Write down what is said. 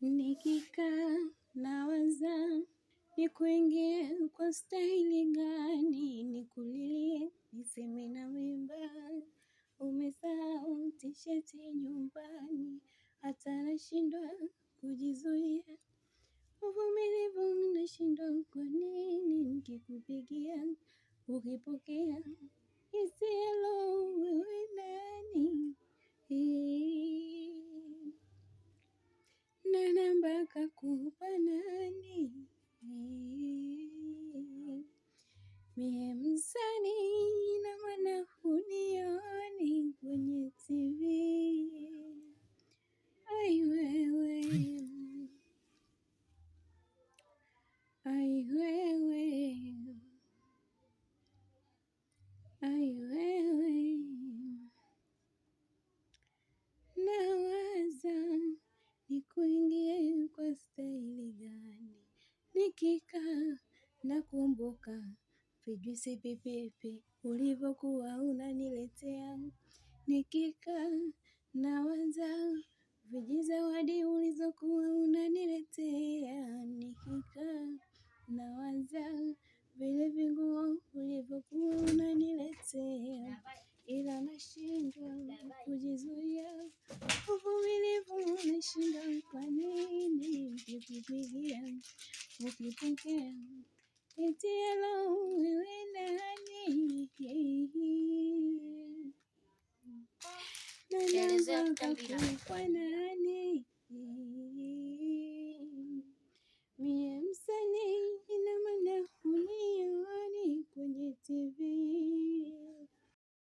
Nikikaa nawaza nikuingie kwa staili gani nikulilie niseme na wimba Umesahau tisheti nyumbani hata nashindwa kujizuia uvumilivu nashindwa kwa nini nikikupigia ukipokea hisia. Mihemsani na maana hunioni kwenye TV. Ai wewe, ai wewe, ai wewe, nawaza nikuingie kwa staili gani, nikikaa nakumbuka Vijusi pipipi ulivyokuwa unaniletea, nikika na waza vijizawadi ulizokuwa unaniletea, nikika na waza vile vinguo ulivyokuwa unaniletea, ila nashindwa kujizuia, uvumilivu unashinda. Kwa nini ukipigia ukipokea eti nitakufa nani? Mie msanii ina maana unioni kwenye TV